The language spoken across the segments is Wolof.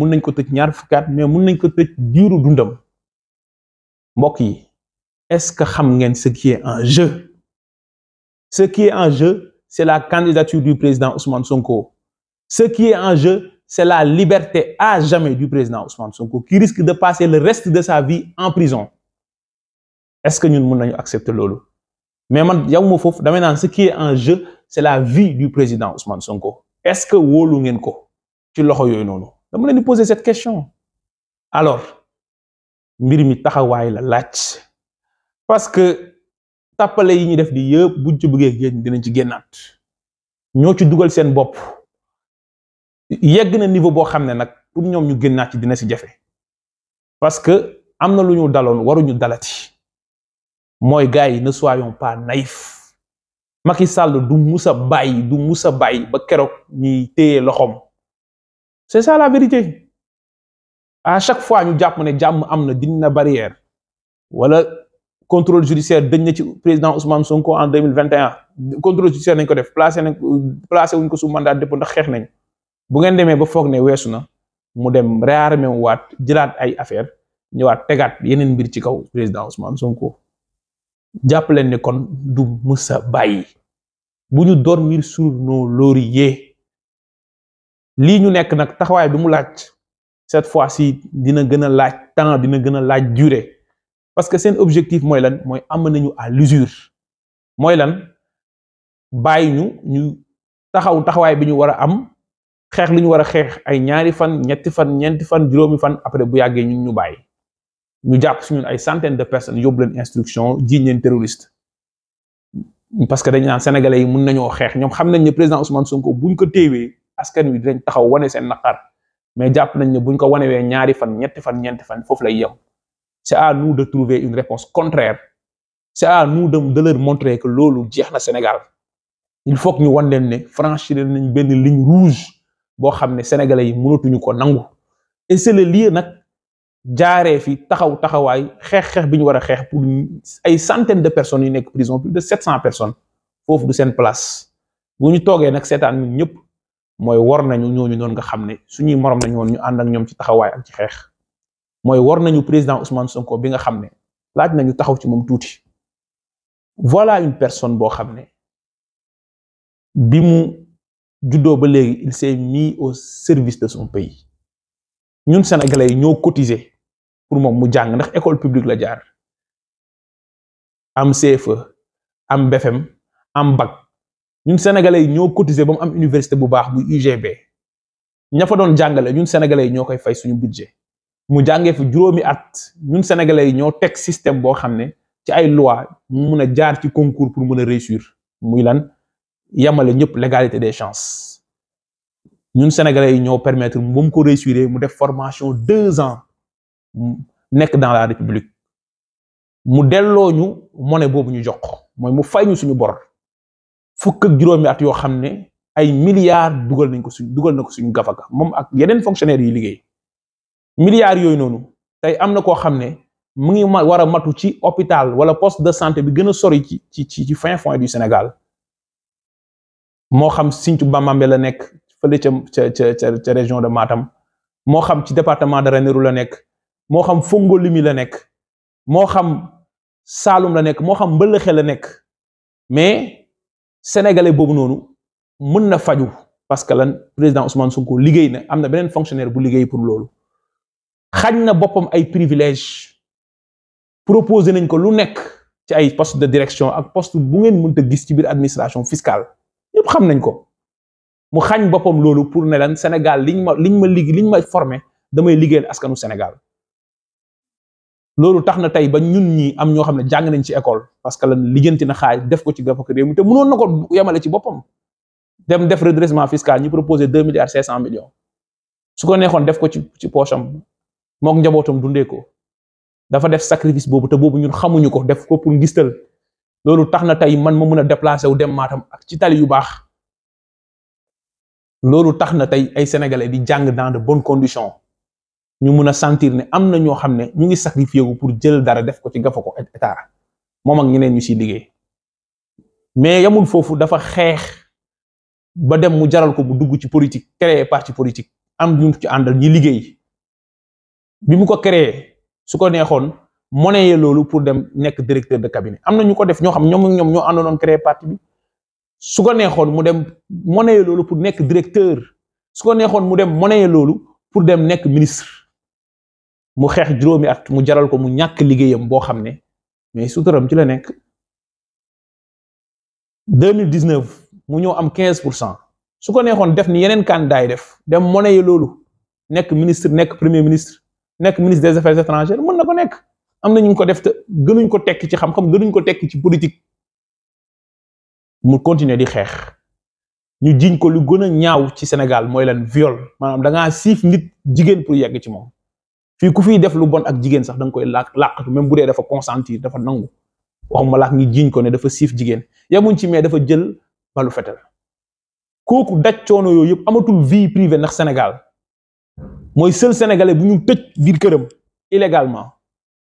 mun nañ ko tëj ñaar fukki at mais mun nañ ko tëj diiru dundam mbokk yi est-ce que xam ngeen ce ki est en jeu ce en jeu c'est la candidature du président Ousmane Sonko ce qui est en jeu c'est la liberté à jamais du président Ousmane Sonko qui risque de passer le reste de sa vie en prison est-ce que ñun mun nañu accepter loolu mais man yow ma foofu damay naan ce qui est en jeu c'est la vie du président Ousmane Sonko est-ce que wóolu ngeen ko ci loxo yooyu noonu. dama leen di poser cette question alors mbir mi taxawaay la laaj parce que tàppale yi ñu def di yëpp buñ ci bëggee génn dinañ ci génnaat ñoo ci dugal seen bopp yegg na niveau boo xam ne nag pour ñoom ñu génnaat ci dina ci jafe parce que am na lu ñu daloon waruñu dalati mooy gars yi ne soyons pas naïfs Macky Sall du musa bàyyi du musa bàyyi ba keroog ñuy téye loxoom c'est ça la vérité à chaque fois ñu jàpp ne jàmm am na dindi na barrière wala contrôle judiciaire dañ na ci président Ousmane Sonko en deux mille vingt et judiciaire nañ ko def placé nañ placé wuñ ko sous mandat de dépôt xeex nañ bu ngeen demee ba foog ne weesu na mu dem réarmé waat jëlaat ay affaire ñëwaat tegaat yeneen mbir ci kaw président Ousmane Sonko jàpp leen ne kon du mësa bàyyi bu ñu dormir sur nos lauriers lii ñu nekk nag taxawaay bi mu laaj cette fois-ci dina gën a laaj temps dina gën a laaj durée parce que seen objectif mooy lan mooy am nañu à l'usure mooy lan bàyyi ñu ñu taxaw taxawaay bi ñu war a am xeex li ñu war a xeex ay ñaari fan ñetti fan ñeenti fan juróomi fan après bu yàggee ñun ñu bàyyi ñu jàpp suñu ay centaines de personnes yóbbu leen instruction jiiñ leen terroriste parce que dañ naan sénégalais yi mun nañoo xeex ñoom xam nañ ne président Ousmane Sonko buñ ko téewee askan wi dinañ taxaw wane seen naqar mais jàpp nañ ne buñ ko wanewee ñaari fan ñetti fan ñeenti fan foofu lay yem c'est à nous de trouver une réponse contraire c'est à nous de de leur montrer que loolu jeex na Sénégal il faut que ñu wan leen ne franchir nañ benn ligne rouge boo xam ne sénégalais yi mënatuñu ko nangu et c'est le lieu nag jaaree fi taxaw taxawaay xeex xeex bi ñu war a xeex ay centaines de personnes yu nekk prison plus de sept cent personnes foofu du seen place mooy war nañu ñooñu noon nga xam ne suñuy morom nañu woon ñu ànd ak ñoom ci taxawaay ak ci xeex mooy war nañu président Ousmane Sonko bi nga xam ne laaj nañu taxaw ci moom tuuti voilà une personne boo xam ne bi mu juddoo ba léegi il s'est mis au service de son pays ñun sénégalais yi ñoo cotiser pour moom mu jàng ndax école publique la jaar am CFEE am BFEM am bac ñun sénégalais yi ñoo cotiser ba mu am université bu baax bu UGB ña fa doon jàngale ñun sénégalais yi ñoo koy fay suñu budget mu jàngee fi juróomi at ñun sénégalais yi ñoo teg système boo xam ne ci ay loi mun a jaar ci concours pour mun a réussir mu lan yamale ñëpp l'égalité des chances ñun sénégalais yi ñoo permettre mu ko réussir mu def formation deux ans nekk dans la république mu delloo ñu monnaie boobu ñu jox mooy mu fay ñu suñu bor. fukk ak juróomi at yoo xam ne ay milliards dugal nañ ko suñ dugal na ko suñu gafaka moom ak yeneen fonctionnaire yi liggéey milliards yooyu noonu tey am na koo xam ne mu ngi war a matu ci hôpital wala poste de santé bi gën a sori ci ci ci ci fin fond du Sénégal moo xam Sinthiou Bamambé la nekk fële ca ca ca ca région de maatam moo xam ci département de Ranérou la nekk moo xam Fongolimi la nekk moo xam Saloum la nekk moo xam Mbëlëxe la nekk mais sénégalais boobu noonu mën na faju parce que lan président Ousmane Sonko liggéey na am na beneen fonctionnaire bu liggéey pour loolu xañ na boppam ay privilège proposé nañ ko lu nekk ci ay poste de direction ak post bu ngeen mënta gis ci biir administration fiscale yëpp xam nañ ko mu xañ boppam loolu pour ne lan Sénégal liñ ma liñ ma liggéey liñ ma formé damay liggéeyal askanu Sénégal loolu tax na tey ba ñun ñi am ñoo xam ne jàng nañ ci école parce que lan liggéenti na xaaj def ko ci gàpp réew mi te mënoon na ko yemale ci boppam dem def redressement fiscal ñi proposé deux milliards cinq cent millions su ko neexoon def ko ci ci poche am mook njabootam dundee ko dafa def sacrifice boobu te boobu ñun xamuñu ko def ko pour ngistal loolu tax na tey man ma mun a déplacé wu dem maatam ak ci tali yu baax loolu tax na tey ay sénégalais di jàng dans de conditions ñu mun a sentir ne am na ñoo xam ne ñu ngi sacrifié wu pour jël dara def ko ci gafa ko état moom ak ñeneen ñu si liggéey mais yamul foofu dafa xeex ba dem mu jaral ko mu dugg ci politique créer parti politique am ñu ci àndal ñi liggéey bi mu ko créer su ko neexoon monnaie loolu pour dem nekk directeur de cabinet am na ñu ko def ñoo xam ñoom ak ñoom ñoo àndoon créer parti bi su ko neexoon mu dem monnaie loolu pour nekk directeur su ko neexoon mu dem monnaie loolu pour dem nekk ministre. mu xeex juróomi at mu jaral ko mu ñàkk liggéeyam boo xam ne mais suturam ci la nekk deux mille dix neuf mu ñëw am quinze pour cent su ko neexoon def ni yeneen candidat yi def dem monnaie loolu nekk ministre nekk premier ministre nekk ministre des affaires étrangères mën na ko nekk am na ñu ko def te gënuñ ko tekki ci xam-xam gënuñ ko tekki ci politique mu continuer di xeex ñu jiñ ko lu gën a ñaaw ci Sénégal mooy lan viole maanaam da ngaa siif nit jigéen pour yegg ci moom. fii ku fiy def lu bon ak jigéen sax da nga koy làq làqatu même bu dee dafa consentir dafa nangu waxuma làq ngi jiiñ ko ne dafa siif jigéen yamuñ ci mais dafa jël balu fetal kooku daj coono yooyu yëpp amatul vie privée ndax Sénégal mooy seul sénégalais bu ñu tëj biir këram illégalement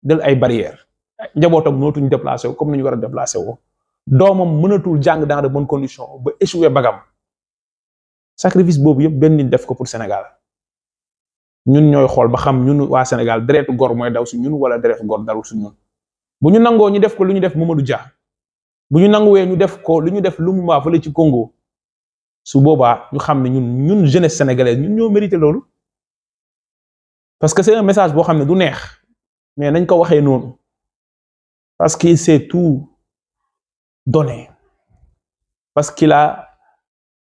dël ay barrières njabootam mënatuñ déplacé wu comme ni ñu war a déplacé woo doomam mënatul jàng dans de condition ba échoué bagam sacrifice boobu yëpp benn def ko pour Sénégal. ñun ñooy xool ba xam ñun waa Sénégal deretu gor mooy daw si ñun walla deretu gor darul su ñun bu ñu nangoo ñu def ko lu ñu def mu Mamadou Dia bu ñu nanguwee ñu def ko lu ñu def lu mu Lumumba fële ci Congo su boobaa ñu xam ne ñun ñun jeunesse sénégalaise ñun ñoo mérité loolu parce que c'est message boo xam ne du neex mais nañ ko waxee noonu parce qu'il s'est tout donné parce que a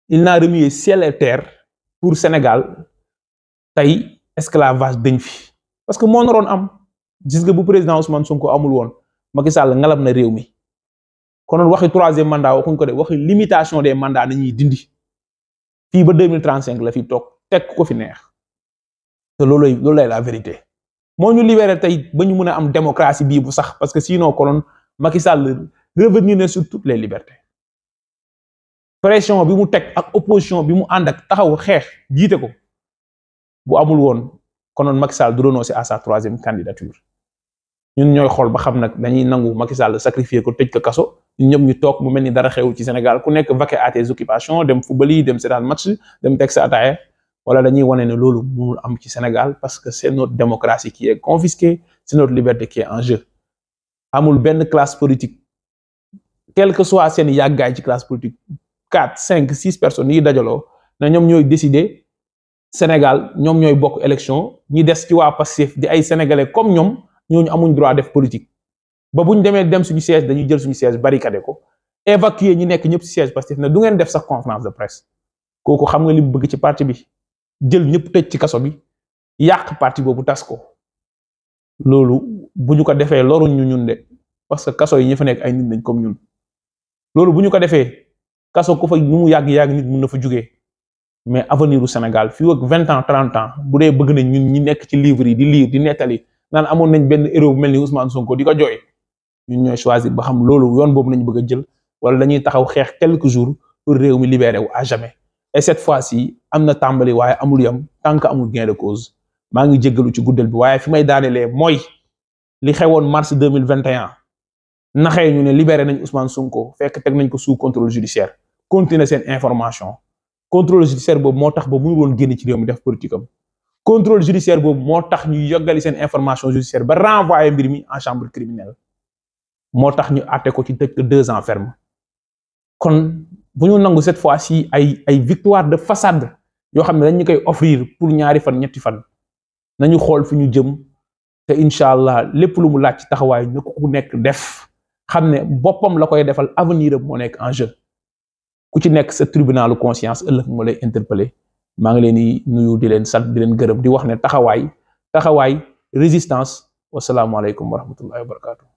il n'a remué ciel pour Sénégal tey esclavage dañ fi parce que moo naroon am gis nga bu président Ousmane ko amul woon Macky Sall ngalab na réew mi kon konoon waxi troisième mandat waxuñ ko de waxi limitation des mandats nañuy dindi fii ba deux mille trente cinq la fi toog teg ko fi neex te loolooy loolooy la vérité moo ñu libéré tey ba ñu mën a am démocratie bii bu sax parce que sinon konoon Macky Sall revenir na sur toutes les libertés pression bi mu teg ak opposition bi mu ànd ak taxaw xeex jiite ko. bu amul woon konoon Macky Sall du renoncé à sa troisième candidature ñun ñooy xool ba xam nag dañuy nangu Macky Sall sacrifier ko tëj ko kaso ñun ñëpp ñu toog mu mel ni dara xew ci Sénégal ku nekk vaquer à tes occupations dem football yi dem seetaan match dem teg sa ataaya wala dañuy wane ne loolu mënul am ci Sénégal parce que c'est notre démocratie qui est confisquée c'est notre liberté qui est en jeu amul benn classe politique quelque que soit seen yàggaay ci classe politique quatre cinq six personnes yi dajaloo ñoom ñooy décider Sénégal ñoom ñooy bokk élection ñi des ci waa Pastef di ay sénégalais comme ñoom ñoo ñu amuñ droit def politique ba bu ñu demee dem suñu siège dañuy jël suñu siège barricadé ko évacuer ñi nekk ñëpp ci siège Pastef na du ngeen def sax conférence de presse kooku xam nga li mu bëgg ci parti bi jël ñëpp tëj ci kaso bi yàq parti boobu tas ko loolu bu ñu ko defee loruñ ñu ñun de parce que kaso yi ñu fa nekk ay nit lañ comme ñun loolu bu ñu ko defee kaso ku fa ñu mu yàgg-yàgg nit mun na fa jugee mais avenir u Sénégal fii ak vingt ans trente bu dee bëgg nañ ñun ñi nekk ci livre yi di lire di nettali naan amoon nañ benn héros bu mel ni Ousmane Sonko di ko jooy ñu ñooy choisir ba xam loolu yoon boobu nañ bëgg a jël wala dañuy taxaw xeex quelques jours pour réew mi libéré wu à jamais et cette fois-ci am na tàmbali waaye amul yam tant amul gain de cause maa ngi jéggalu ci guddal bi waaye fi may daanelee mooy li xewoon mars deux mille vingt et un ñu ne libéré nañ Ousmane Sonko fekk teg nañ ko sous contrôle judiciaire continuer seen information. contrôle judiciaire boobu moo tax ba mënu woon génn ci réew mi def politique am contrôle judiciaire boobu moo tax ñu yoggali seen information judiciaire ba renvoyé mbir mi en chambre criminelle moo tax ñu àtte ko ci dëkk deux ans fermes kon bu ñu nangu cette fois si ay ay victoire de façade yoo xam ne dañ ñu koy offrir pour ñaari fan ñetti fan nañu xool fi ñu jëm te incha allah lépp lu mu laaj ci taxawaay na ku nekk def xam ne boppam la koy defal avenir moo nekk en jeu. ku ci nekk sa tribunalu conscience ëllëg moo lay interpeller maa ngi leen di nuyu di leen sant di leen gërëm di wax ne taxawaay taxawaay résistance wasalaamualeykum wa rahmatullahi wa barakatuh